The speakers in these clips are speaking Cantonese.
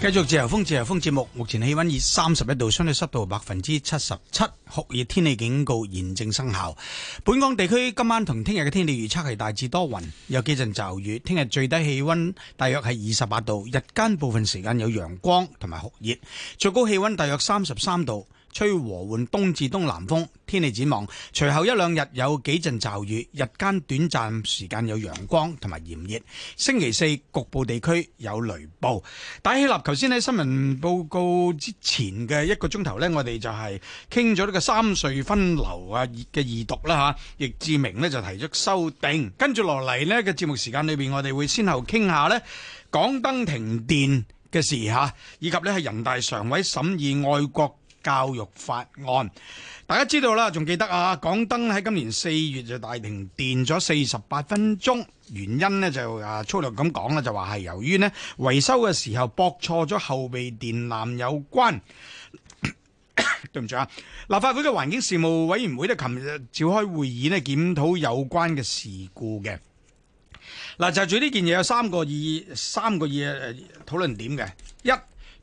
繼續自由風自由風節目，目前氣溫以三十一度，相對濕度百分之七十七，酷熱天氣警告現正生效。本港地區今晚同聽日嘅天氣預測係大致多雲，有幾陣驟雨。聽日最低氣溫大約係二十八度，日間部分時間有陽光同埋酷熱，最高氣溫大約三十三度。吹和緩，東至東南風，天氣展望，隨後一兩日有幾陣驟雨，日間短暫時間有陽光同埋炎熱。星期四局部地區有雷暴。打起立！頭先喺新聞報告之前嘅一個鐘頭呢，我哋就係傾咗呢個三隧分流啊嘅二讀啦嚇。易志明呢就提出修訂，跟住落嚟呢個節目時間裏邊，我哋會先後傾下呢港燈停電嘅事嚇，以及呢係人大常委審議外國，教育法案，大家知道啦，仲記得啊？港燈喺今年四月就大停電咗四十八分鐘，原因呢就啊粗略咁講啦，就話係由於呢維修嘅時候駁錯咗後備電纜有關。 對唔住啊！立法會嘅環境事務委員會呢琴日召開會議呢檢討有關嘅事故嘅。嗱，就住呢件嘢有三個議，三個議誒討論點嘅一，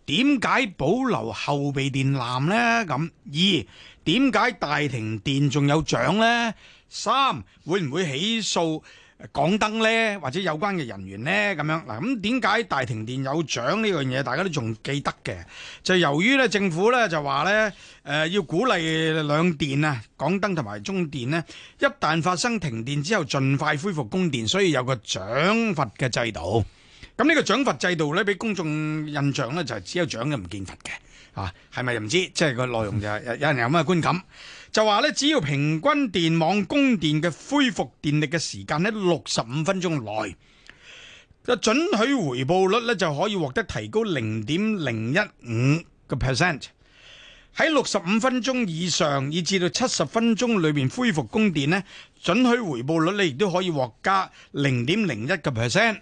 點解保留後備電纜呢？咁二點解大停電仲有獎呢？三會唔會起訴港燈呢？或者有關嘅人員呢？咁樣，嗱，咁點解大停電有獎呢樣嘢？大家都仲記得嘅，就由於咧政府咧就話呢，誒、呃、要鼓勵兩電啊、港燈同埋中電呢，一旦發生停電之後，盡快恢復供電，所以有個獎罰嘅制度。咁呢個獎罰制度呢，俾公眾印象呢，就係、只有獎嘅唔見罰嘅，啊係咪又唔知？即、就、係、是、個內容就係、有，有人有咩觀感，就話呢，只要平均電網供電嘅恢復電力嘅時間呢，六十五分鐘內准許回報率呢，就可以獲得提高零點零一五個 percent。喺六十五分鐘以上以至到七十分鐘裏邊恢復供電呢，准許回報率呢，亦都可以獲加零點零一個 percent。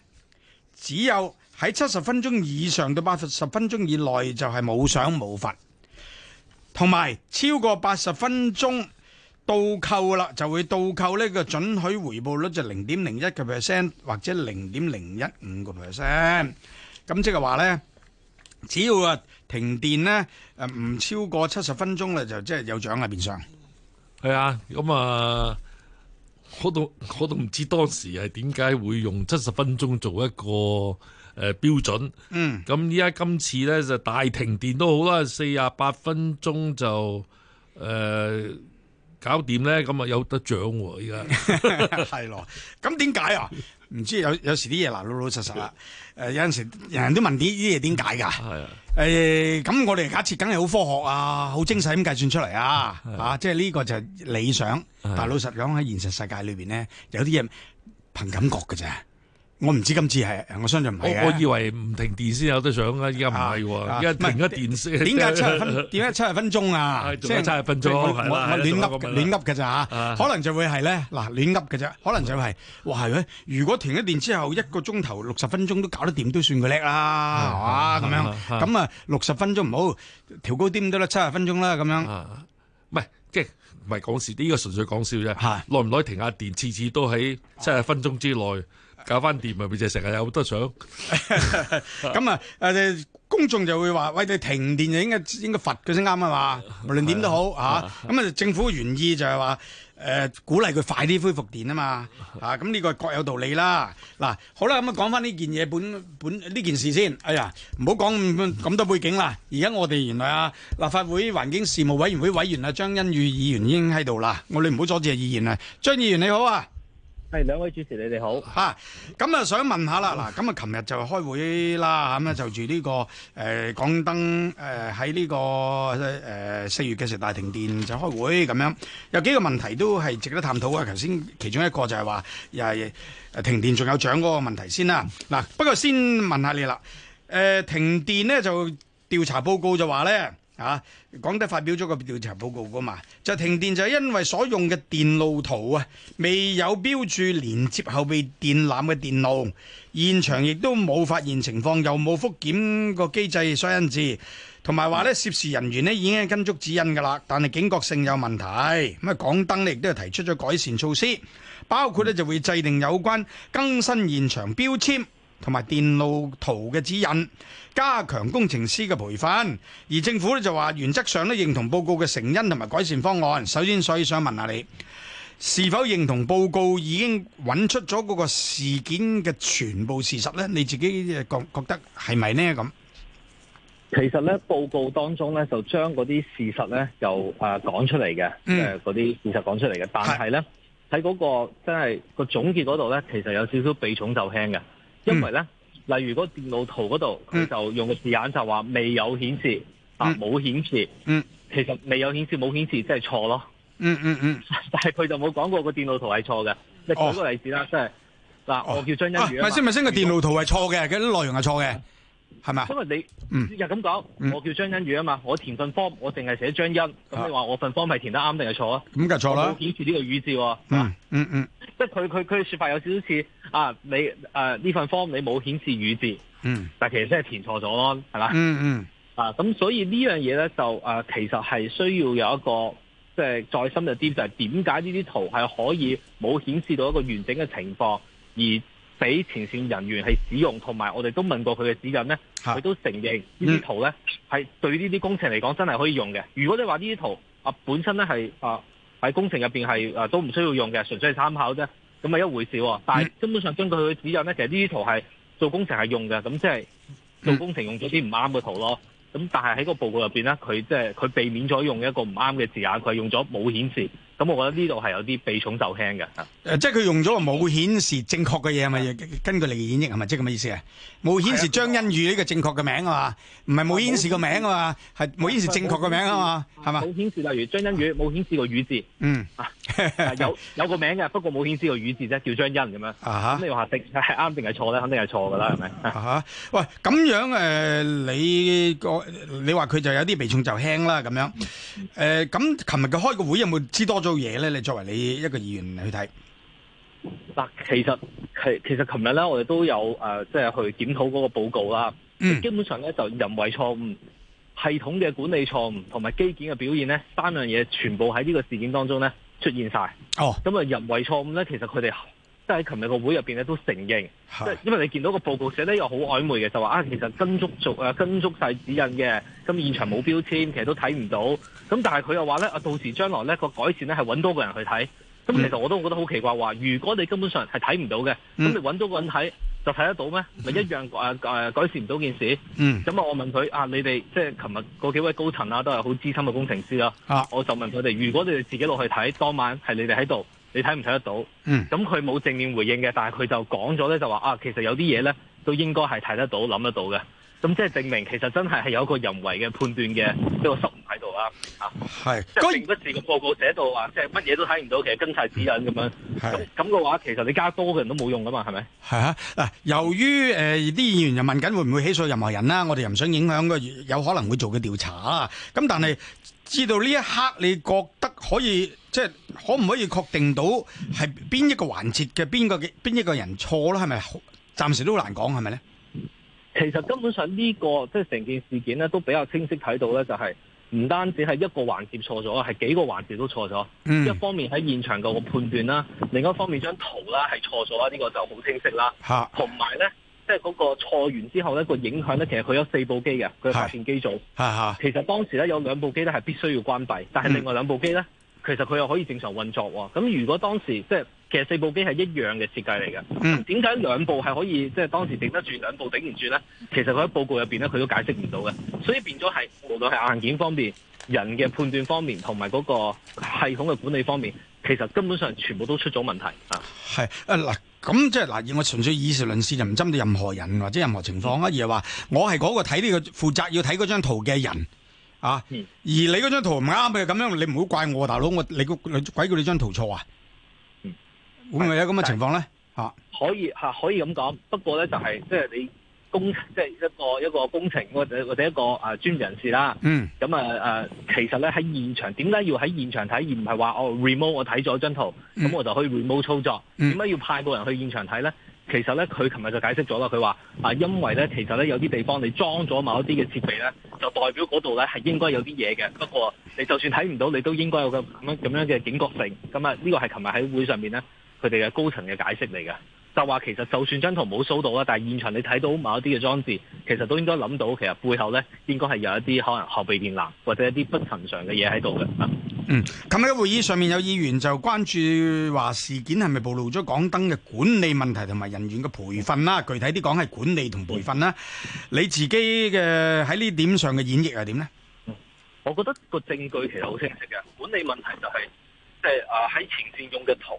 只有喺七十分鐘以上到八十分鐘以內就係冇賞冇罰，同埋超過八十分鐘倒扣啦，就會倒扣呢個準許回報率就零點零一個 percent 或者零點零一五個 percent。咁即係話呢，只要啊停電呢，誒唔超過七十分鐘咧，就即係有獎啊變相。係啊，咁啊。我都我都唔知當時係點解會用七十分鐘做一個誒、呃、標準，咁依家今次呢，就大停電都好啦，四十八分鐘就誒。呃搞掂咧，咁啊有得獎喎！依家係咯，咁點解啊？唔 知有有時啲嘢嗱老老實實啦，誒、 呃、有陣時人人都問啲啲嘢點解㗎？係、嗯、啊，誒咁、呃、我哋假設梗係好科學啊，好精細咁計算出嚟啊，啊即係呢個就係理想，但係老實講喺現實世界裏邊咧，有啲嘢憑感覺㗎啫。我唔知今次係，我相信唔係嘅。我以為唔停電先有得上啦，依家唔係，依家停咗電。點解七分？點解七十分鐘啊？即係七十分鐘，我亂噏亂噏嘅咋嚇？可能就會係咧，嗱，亂噏嘅啫。可能就係，哇係咩？如果停咗電之後一個鐘頭六十分鐘都搞得掂，都算佢叻啦，係嘛咁樣？咁啊，六十分鐘唔好，調高啲都得啦，七十分鐘啦咁樣。唔係，即係唔係講事？呢個純粹講笑啫。耐唔耐停下電？次次都喺七十分鐘之內。搞翻掂咪咪就成、是、日有好多相。咁啊，誒，公眾就會話：喂，你停電就應該應該罰佢先啱啊嘛。無論點都好吓，咁啊，政府嘅原意就係話，誒、呃，鼓勵佢快啲恢復電啊嘛。啊，咁呢個各有道理啦。嗱、啊，好啦，咁、嗯、啊，講翻呢件嘢，本本呢件事先。哎呀，唔好講咁多背景啦。而 家我哋原來啊，立法會環境事務委員會委員啊，張欣宇議員已經喺度啦。我哋唔好阻住啊，議員啊，張議員你好啊。係兩位主持，你哋好。吓，咁啊，想問下啦，嗱，咁啊，琴日就開會啦，咁咧就住呢、這個誒、呃，港燈誒喺呢個誒四、呃、月嘅時大停電就開會咁樣，有幾個問題都係值得探討嘅。頭先其中一個就係話，又係誒停電仲有獎嗰個問題先啦。嗱，不過先問下你啦，誒、呃，停電呢就調查報告就話咧。啊，港燈發表咗個調查報告噶嘛，就停電就係因為所用嘅電路圖啊，未有標註連接後備電纜嘅電路，現場亦都冇發現情況，又冇復檢個機制所引致，同埋話呢涉事人員呢已經係跟足指引噶啦，但係警覺性有問題。咁啊，港燈咧亦都係提出咗改善措施，包括呢就會制定有關更新現場標籤。同埋電路圖嘅指引，加強工程師嘅培訓。而政府咧就話，原則上咧認同報告嘅成因同埋改善方案。首先，所以想問下你，是否認同報告已經揾出咗嗰個事件嘅全部事實呢？你自己覺覺得係咪呢？咁其實呢，報告當中呢，就將嗰啲事實呢，就啊講出嚟嘅，誒嗰啲事實講出嚟嘅。但係呢，喺嗰、嗰個真係個總結嗰度呢，其實有少少避重就輕嘅。因為咧，例如個電腦圖嗰度，佢就用個字眼就話未有顯示，嗯、啊冇顯示、嗯，其實未有顯示冇顯示即係錯咯。嗯嗯嗯，嗯 但係佢就冇講過個電腦圖係錯嘅。你、哦、舉個例子啦，即係嗱、哦，我叫張欣宇啊。咪先咪先，個電腦圖係錯嘅，佢啲內容係錯嘅。啊係咪？因為你又咁講，我叫張欣宇啊嘛，我填份 form，我淨係寫張欣，咁你話我份 form 係填得啱定係錯啊？咁就錯錯啦！冇顯示呢個語字，喎、嗯。嗯嗯，即係佢佢佢嘅説法有少少似啊，你誒呢、啊、份 form 你冇顯示語字，嗯，但係其實真係填錯咗咯，係嘛？嗯嗯，啊咁所以呢樣嘢咧就誒、啊、其實係需要有一個即係再深入啲，就係點解呢啲圖係可以冇顯示到一個完整嘅情況而？俾前線人員係使用，同埋我哋都問過佢嘅指引咧，佢都承認呢啲圖咧係對呢啲工程嚟講真係可以用嘅。如果你話呢啲圖啊、呃、本身咧係啊喺工程入邊係啊都唔需要用嘅，純粹係參考啫，咁係一回事。但係根本上根據佢嘅指引咧，其實呢啲圖係做工程係用嘅，咁即係做工程用咗啲唔啱嘅圖咯。咁但係喺個報告入邊咧，佢即係佢避免咗用一個唔啱嘅字眼，佢係用咗冇顯示。咁我覺得呢度係有啲避重就輕嘅、啊，即係佢用咗個冇顯示正確嘅嘢係咪？根據嘅演繹係咪即係咁嘅意思顯顯顯啊？冇顯示張欣宇呢個正確嘅名啊嘛，唔係冇顯示個名啊嘛，係冇顯示正確嘅名啊嘛，係嘛？冇顯示例如張欣宇，冇顯示個宇字，嗯啊。 有有個名嘅，不過冇顯示個語字啫，叫張欣宇咁樣。咁、uh -huh. 你話定係啱定係錯咧？肯定係錯噶啦，係、uh、咪 -huh.？吓、uh -huh.！喂，咁樣誒、呃，你個你話佢就有啲避重就輕啦，咁樣。誒、呃，咁琴日嘅開個會有冇知多咗嘢咧？你作為你一個議員去睇嗱，其實其其實琴日咧，我哋都有誒，即係去檢討嗰個報告啦。Mm. 基本上咧，就人為錯誤、系統嘅管理錯誤同埋基建嘅表現咧，三樣嘢全部喺呢個事件當中咧。出現曬哦，咁啊人為錯誤咧，其實佢哋即係喺琴日個會入邊咧都承認，即係因為你見到個報告寫得又好曖昧嘅，就話啊其實跟足足啊跟足曬指引嘅，咁現場冇標籤，其實都睇唔到，咁但係佢又話咧啊到時將來咧個改善咧係揾多個人去睇，咁其實我都覺得好奇怪話，如果你根本上係睇唔到嘅，咁你揾多個人睇？Mm. 就睇得到咩？咪、mm-hmm. 一樣、呃、改善唔到件事。嗯。咁啊，我問佢啊，你哋即係琴日嗰幾位高層啊，都係好資深嘅工程師啊。啊。Ah. 我就問佢哋，如果你哋自己落去睇，當晚係你哋喺度，你睇唔睇得到？嗯。咁佢冇正面回應嘅，但係佢就講咗咧，就話啊，其實有啲嘢咧，都應該係睇得到、諗得到嘅。咁即係證明其實真係係有一個人為嘅判斷嘅呢個啦，啊，係，即係，如果個報告寫到話，即係乜嘢都睇唔到，其實跟晒指引咁樣，咁咁嘅話，其實你加多嘅人都冇用噶嘛，係咪？係啊，嗱，由於誒啲議員又問緊會唔會起訴任何人啦，我哋又唔想影響個有可能會做嘅調查啦。咁但係知道呢一刻，你覺得可以即係、就是、可唔可以確定到係邊一個環節嘅邊個邊一個人錯啦？係咪暫時都好難講，係咪咧？其實根本上呢、這個即係成件事件咧，都比較清晰睇到咧，就係、是。唔單止係一個環節錯咗，係幾個環節都錯咗、嗯。一方面喺現場個判斷啦，另一方面張圖啦係錯咗，呢、呢個就好清晰啦、吓。同埋咧，即係嗰個錯完之後咧，個影響咧，其實佢有四部機嘅佢發電機組、吓。其實當時咧有兩部機咧係必須要關閉，但係另外兩部機咧、嗯，其實佢又可以正常運作喎。咁如果當時即係。其實四部機係一樣嘅設計嚟嘅，點解兩部係可以即係、就是、當時頂得住，兩部頂唔住咧？其實佢喺報告入邊咧，佢都解釋唔到嘅，所以變咗係無論係硬件方面、人嘅判斷方面，同埋嗰個系統嘅管理方面，其實根本上全部都出咗問題啊！係啊嗱，咁即係嗱、啊，我純粹以事論事，就唔針對任何人或者任何情況、嗯這個、啊。而係話我係嗰個睇呢個負責要睇嗰張圖嘅人啊，而你嗰張圖唔啱，佢咁樣你不要，你唔好怪我大佬，我你個鬼叫你張圖錯啊！會唔會有咁嘅情況咧？吓、就是、可以吓可以咁講，不過咧就係即係你工即係、就是、一個一個工程，或者或者一個啊專業人士啦。嗯。咁啊誒，其實咧喺現場點解要喺現場睇，而唔係話我 remote 我睇咗張圖，咁、嗯、我就可以 remote 操作？點、嗯、解要派個人去現場睇咧？其實咧佢琴日就解釋咗啦。佢話啊，因為咧其實咧有啲地方你裝咗某一啲嘅設備咧，就代表嗰度咧係應該有啲嘢嘅。不過你就算睇唔到，你都應該有個咁樣咁樣嘅警覺性。咁啊呢個係琴日喺會上面咧。佢哋嘅高層嘅解釋嚟嘅，就話其實就算張圖冇掃到啦，但係現場你睇到某一啲嘅裝置，其實都應該諗到，其實背後咧應該係有一啲可能後備電纜或者一啲不尋常嘅嘢喺度嘅。嗯，琴日嘅會議上面有議員就關注話事件係咪暴露咗港燈嘅管理問題同埋人員嘅培訓啦？具體啲講係管理同培訓啦。你自己嘅喺呢點上嘅演繹係點呢、嗯？我覺得個證據其實好清晰嘅，管理問題就係即係喺前線用嘅圖。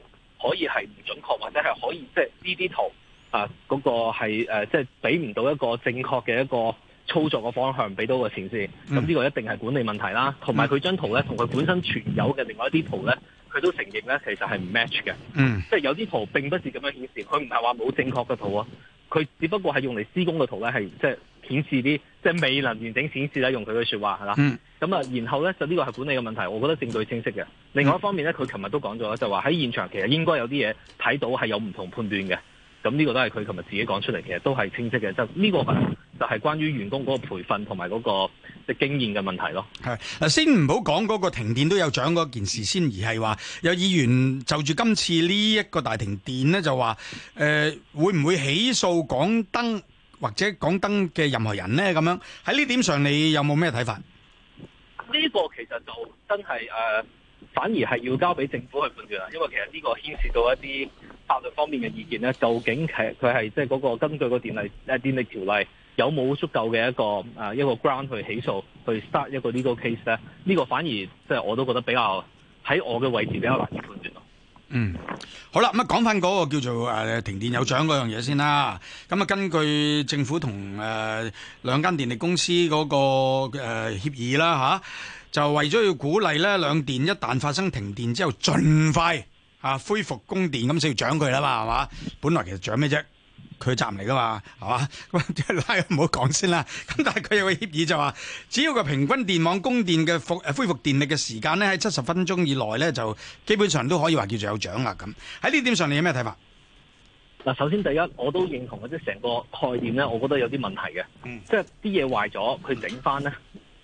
可以係唔準確，或者係可以即係呢啲圖啊，嗰、呃嗰個係即係俾唔到一個正確嘅一個操作嘅方向到的前，俾到個前線，咁呢個一定係管理問題啦。同埋佢張圖咧，同佢本身存有嘅另外一啲圖咧，佢都承認咧，其實係唔 match 嘅。嗯，即係有啲圖並不是咁樣顯示，佢唔係話冇正確嘅圖啊，佢只不過係用嚟施工嘅圖咧，係即係。就是顯示啲即未能完整顯示啦，用佢嘅說話係啦。咁啊、嗯，然後咧就呢、這個係管理嘅問題，我覺得證據清晰嘅。另外一方面咧，佢琴日都講咗，就話、是、喺現場其實應該有啲嘢睇到係有唔同判斷嘅。咁、這、呢個都係佢琴日自己講出嚟，其實都係清晰嘅、這個就是。就呢個就係關於員工嗰個培訓同埋嗰個即係經驗嘅問題咯。嗱，先唔好講嗰個停電都有獎嗰件事先，而係話有議員就住今次呢一個大停電咧，就話誒會唔會起訴港燈？或者港燈嘅任何人咧，咁樣，喺呢點上，你有冇咩睇法？呢、這個其實就真係誒、呃、反而係要交俾政府去判斷啦。因為其實呢個牽涉到一啲法律方面嘅意見咧，究竟其實佢係即係嗰個根據個電力，誒電力條例有冇足夠嘅一個誒、呃、一個 ground 去起訴去 start 一個呢個 case 咧？呢、這個反而即係、就是、我都覺得比較喺我嘅位置比較難以判斷。嗯，好啦，咁啊講翻嗰個叫做誒停電有獎嗰樣嘢先啦。咁啊根據政府同誒兩間電力公司嗰、嗰個誒協、呃、議啦吓、啊，就為咗要鼓勵咧，兩電一旦發生停電之後，盡快啊恢復供電，咁先要獎佢啦嘛，係嘛？本來其實獎咩啫？佢站嚟噶嘛，係嘛？咁拉唔好講先啦。咁但係佢有個協議就話，只要個平均電網供電嘅復誒恢復電力嘅時間咧，喺七十分鐘以內咧，就基本上都可以話叫做有獎啦。咁喺呢點上你有咩睇法？嗱，首先第一，我都認同，即係成個概念咧，我覺得有啲問題嘅。嗯，即係啲嘢壞咗，佢整翻咧，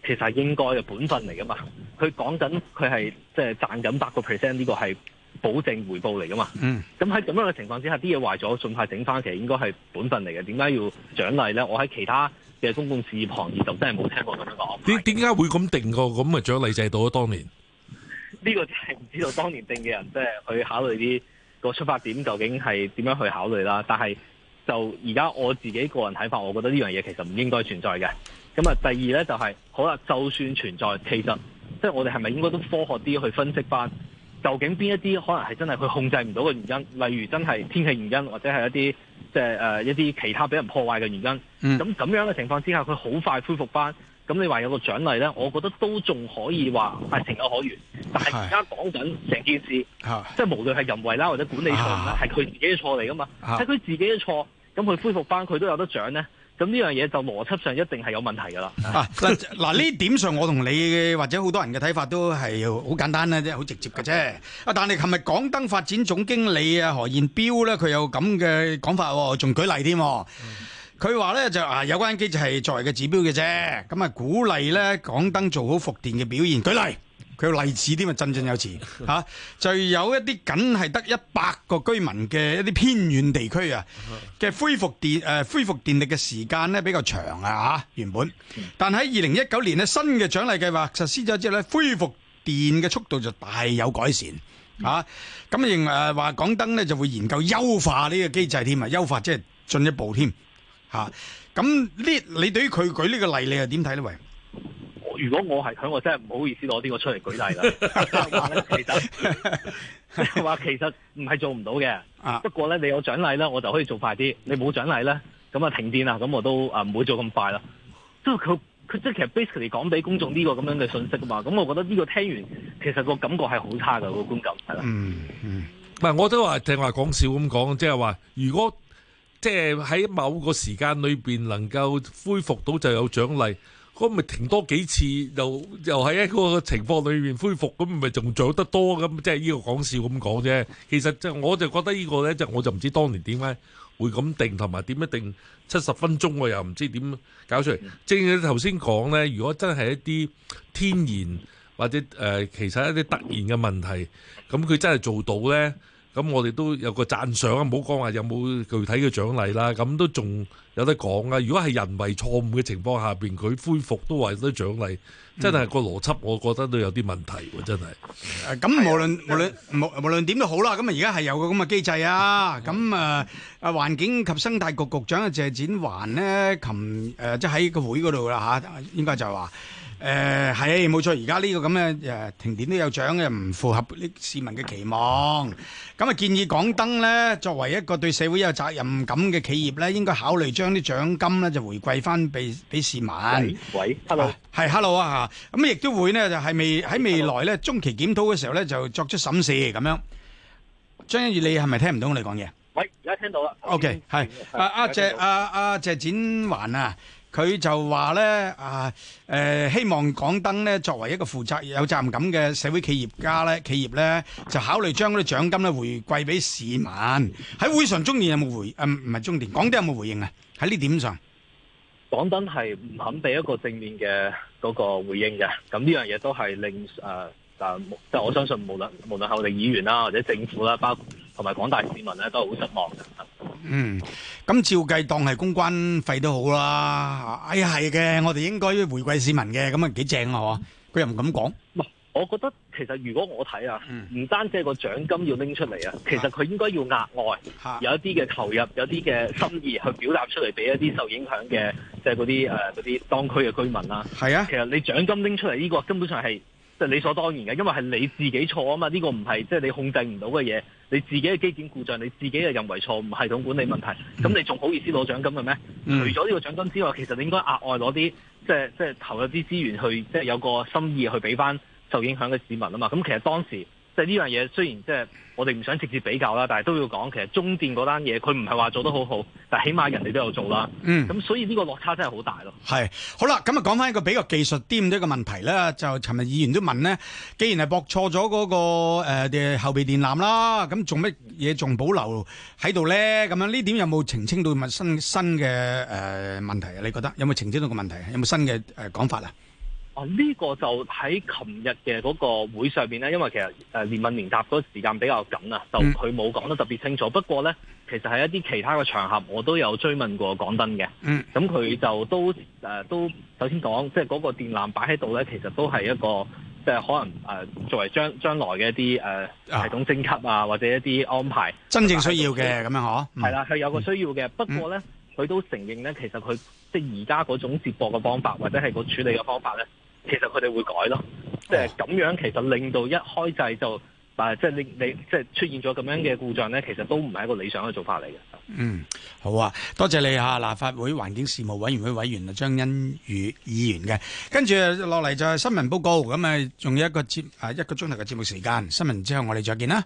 其實係應該嘅本分嚟噶嘛。佢講緊佢係即係賺緊百個 percent 呢個係。保證回報嚟噶嘛？嗯，咁喺咁樣嘅情況之下，啲嘢壞咗，儘快整翻，其實應該係本分嚟嘅。點解要獎勵呢？我喺其他嘅公共事業行業就真係冇聽過咁樣講。點解會咁定個咁嘅獎勵制度咧？就是、到當年呢、呢個就係唔知道當年定嘅人，即、就、係、是、去考慮啲個出發點究竟係點樣去考慮啦。但係就而家我自己個人睇法，我覺得呢樣嘢其實唔應該存在嘅。咁啊，第二呢、就是，就係，好啦，就算存在，其實即係、就是、我哋係咪應該都科學啲去分析翻？究竟邊一啲可能係真係佢控制唔到嘅原因，例如真係天氣原因，或者係一啲即係誒、呃、一啲其他俾人破壞嘅原因。咁、嗯、咁樣嘅情況之下，佢好快恢復翻。咁你話有個獎勵呢，我覺得都仲可以話係情有可原。但係而家講緊成件事是，即係無論係人為啦，或者管理錯誤啦，係佢自己嘅錯嚟㗎嘛。係佢自己嘅錯，咁佢恢復翻佢都有得獎呢？咁呢樣嘢就邏輯上一定係有問題噶啦。嗱嗱，呢點上，我同你或者好多人嘅睇法都係好簡單咧，啫，好直接嘅啫。啊，但係琴日港燈發展總經理啊何燕彪咧，佢有咁嘅講法，仲舉例添。佢話咧就啊，有關機制就係作為嘅指標嘅啫。咁啊，鼓勵咧港燈做好復電嘅表現。舉例。佢個例子添啊，振振有詞嚇，就有一啲僅係得一百個居民嘅一啲偏遠地區啊嘅恢復電、呃、恢復電力嘅時間呢比較長啊，啊原本，但喺二零一九年呢新嘅獎勵計劃實施咗之後呢恢復電嘅速度就大有改善，咁認為話港燈就會研究優化呢個機制添啊，優化即係進一步添咁呢？啊啊、你對於佢舉呢個例，你又點睇呢？喂。如果我係佢，我真係唔好意思攞啲個出嚟舉例啦。話 咧其、即係、其實，話其實唔係做唔到嘅。不過咧，你有獎勵咧，我就可以做快啲；你冇獎勵咧，咁啊停電啦，咁我都啊唔會做咁快啦。即係佢佢即係其實 basically 講俾公眾呢個咁樣嘅信息噶嘛。咁我覺得呢個聽完其實個感覺係好差噶，個觀感係啦。嗯，唔、嗯、係我都話聽話講笑咁講，即係話如果即係喺某個時間裏邊能夠恢復到就有獎勵。咁咪停多幾次，又又喺一個情況裏面恢復，咁咪仲做得多咁，即係呢個講笑咁講啫。其實即係我就覺得呢個咧，即係我就唔知當年點解會咁定，同埋點一定七十分鐘，我又唔知點搞出嚟。正如你頭先講咧，如果真係一啲天然或者、呃、其實一啲突然嘅問題，咁佢真係做到咧。咁我哋都有個讚賞啊！唔好講話有冇具體嘅獎勵啦，咁都仲有得講啊！如果係人為錯誤嘅情況下邊，佢恢復都話得獎勵，真係個邏輯，我覺得都有啲問題喎！真係。誒，咁無論無論無無論點都好啦，咁啊而家係有個咁嘅機制啊！咁誒啊環境及生態局局長啊謝展寰咧，琴誒即係喺個會嗰度啦嚇，應該就係話。誒、呃，係冇錯，而家呢個咁嘅誒停電都有獎，又唔符合呢市民嘅期望。咁啊建議港燈呢作為一個對社會有責任感嘅企業呢應該考慮將啲獎金呢就回饋翻俾俾市民。喂，hello，係 hello 啊吓，咁亦、啊啊啊、都會呢就係未喺未來呢中期檢討嘅時候呢就作出審視咁樣。張欣宇，你係咪聽唔到我哋講嘢？喂，而家聽到啦。OK，係阿阿謝阿阿謝展寰啊。啊佢就話咧，啊希望港燈咧作為一個負責有責任感嘅社會企業家咧，企業咧就考慮將嗰啲獎金咧回饋俾市民。喺會上中電有冇回？誒唔係，中電港燈有冇回應啊？喺呢點上，港燈係唔肯俾一個正面嘅嗰個回應嘅。咁呢樣嘢都係令誒。呃但即係我相信無，無論無論係我哋議員啦，或者政府啦，包同埋廣大市民咧，都係好失望嘅。嗯，咁照計當係公關費都好啦。哎呀，係嘅，我哋應該回饋市民嘅，咁啊幾正啊！佢又唔敢講。唔，我覺得其實如果我睇啊，唔單止係個獎金要拎出嚟啊、嗯，其實佢應該要額外有一啲嘅投入，有啲嘅心意去表達出嚟，俾一啲受影響嘅即係嗰啲誒啲當區嘅居民啦。係啊，其實你獎金拎出嚟呢、呢個根本上係。即係理所當然嘅，因為係你自己錯啊嘛，呢個唔係即係你控制唔到嘅嘢，你自己嘅基建故障，你自己又認為錯誤系統管理問題，咁你仲好意思攞獎金嘅咩？ 除咗呢個獎金之外，其實你應該額外攞啲，即係即係投一啲資源去，即係有個心意去俾翻受影響嘅市民啊嘛。咁其實當時。呢樣嘢雖然即係我哋唔想直接比較啦，但係都要講，其實中電嗰單嘢佢唔係話做得好好，但係起碼人哋都有做啦。嗯，咁所以呢個落差真係好大咯。係，好啦，咁啊講返一個比較技術啲咁多嘅問題咧，就尋日議員都問咧，既然係駁錯咗嗰個誒嘅、呃、後備電纜啦，咁做乜嘢仲保留喺度咧？咁樣呢點有冇澄清到新新嘅誒問題啊？你覺得有冇澄清到個問題？有冇新嘅誒講法啊？呢、哦呢個就喺琴日嘅嗰個會上面咧，因為其實誒、呃、連問連答嗰個時間比較緊啊，就佢冇講得特別清楚。不過咧，其實喺一啲其他嘅場合，我都有追問過港燈嘅。嗯。咁佢就都誒都、呃、首先講，即係嗰個電纜擺喺度咧，其實都係一個即係、就是、可能誒、呃、作為將將來嘅一啲誒系統升級啊，或者一啲安排真正需要嘅咁、就是、樣嗬，係、嗯、啦，係有個需要嘅。不過咧，佢都承認咧，其實佢即係而家嗰種接駁嘅方法，或者係個處理嘅方法咧。其實佢哋會改咯，即係咁樣，其實令到一開掣就，但係即係你你即係、就是、出現咗咁樣嘅故障咧，其實都唔係一個理想嘅做法嚟嘅。嗯，好啊，多謝你吓，立法會啊環境事務委員會委員張欣宇議員嘅。跟住落嚟就係新聞報告，咁啊，仲有一個節啊一個鐘頭嘅節目時間。新聞之後我哋再見啦。